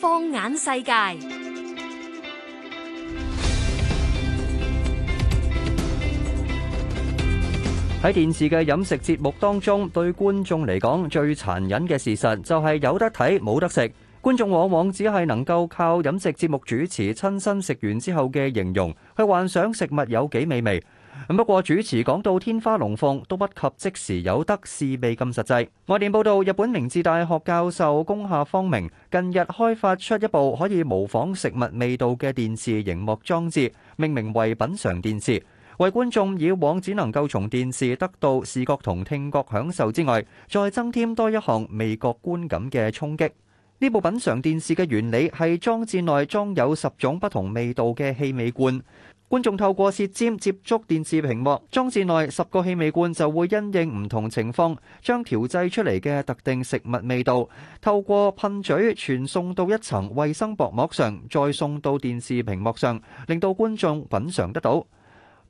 放眼世界，喺電視嘅飲食節目當中，對觀眾嚟講，最殘忍嘅事實就係有得睇冇得食。觀眾往往只係能夠靠飲食節目主持親身食完之後嘅形容去幻想食物有幾美味。不過主持講到天花龍鳳都不及即時有得試味咁實際。外電報道，日本明治大學教授宮下方明近日開發出一部可以模仿食物味道嘅電視螢幕裝置，命名為品嚐電視，為觀眾以往只能夠從電視得到視覺同聽覺享受之外，再增添多一項味覺觀感嘅衝擊。呢部品嚐電視嘅原理係裝置內裝有十種不同味道嘅氣味罐。觀眾透過舌尖接觸電視屏幕，裝置內十個氣味罐就會因應唔同情況，將調製出嚟嘅特定食物味道透過噴嘴傳送到一層衛生薄膜上，再送到電視屏幕上，令到觀眾品嚐得到。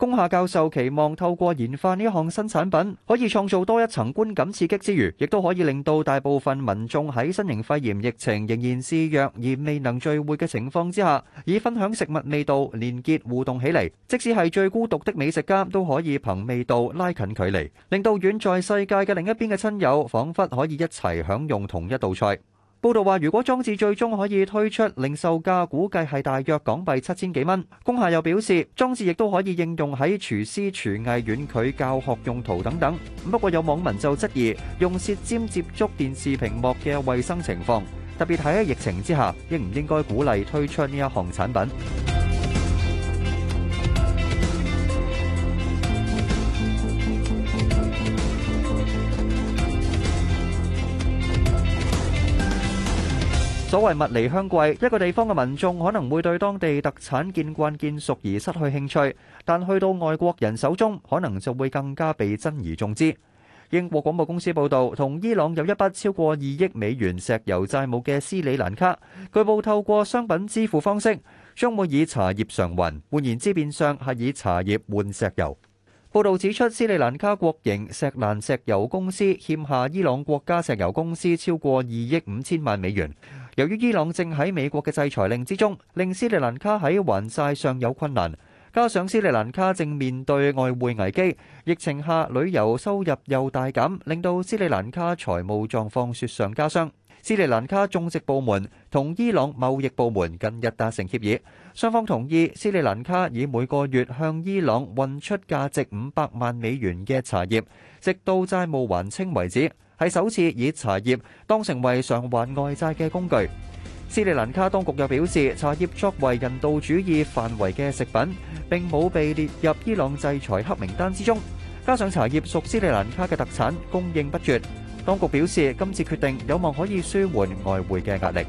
宮下教授期望透過研發呢項新產品，可以創造多一層觀感刺激之餘，亦都可以令到大部分民眾喺新型肺炎疫情仍然示弱而未能聚會嘅情況之下，以分享食物味道連結互動起嚟。即使係最孤獨的美食家，都可以憑味道拉近距離，令到遠在世界嘅另一邊嘅親友，仿佛可以一齊享用同一道菜。報道話，如果裝置最終可以推出，零售價估計係大約港幣七千幾蚊。宮下又表示，裝置亦都可以應用喺廚師、廚藝遠距教學用途等等。不過有網民就質疑，用舌尖接觸電視屏幕嘅衛生情況，特別係喺疫情之下，應唔應該鼓勵推出呢一項產品？所謂物離鄉貴，一個地方嘅民眾可能會對當地特產見慣見熟而失去興趣，但去到外國人手中，可能就會更加被珍而重之。英國廣播公司報導，同伊朗有一筆超過二億美元石油債務嘅斯里蘭卡，據報透過商品支付方式，將會以茶葉償還。換言之，變相係以茶葉換石油。報導指出，斯里蘭卡國營石蘭石油公司欠下伊朗國家石油公司超過二億五千萬美元。由於伊朗正喺美國嘅制裁令之中，令斯里蘭卡喺還債上有困難。加上斯里蘭卡正面對外匯危機，疫情下旅遊收入又大減，令到斯里蘭卡財務狀況雪上加霜。斯里蘭卡種植部門同伊朗貿易部門近日達成協議，雙方同意斯里蘭卡以每個月向伊朗運出價值五百萬美元嘅茶葉，直到債務還清為止。係首次以茶葉當成為償還外債嘅工具。斯里蘭卡當局又表示，茶葉作為人道主義範圍嘅食品，並冇被列入伊朗制裁黑名單之中。加上茶葉屬斯里蘭卡嘅特產，供應不絕。當局表示，今次決定有望可以舒緩外匯嘅壓力。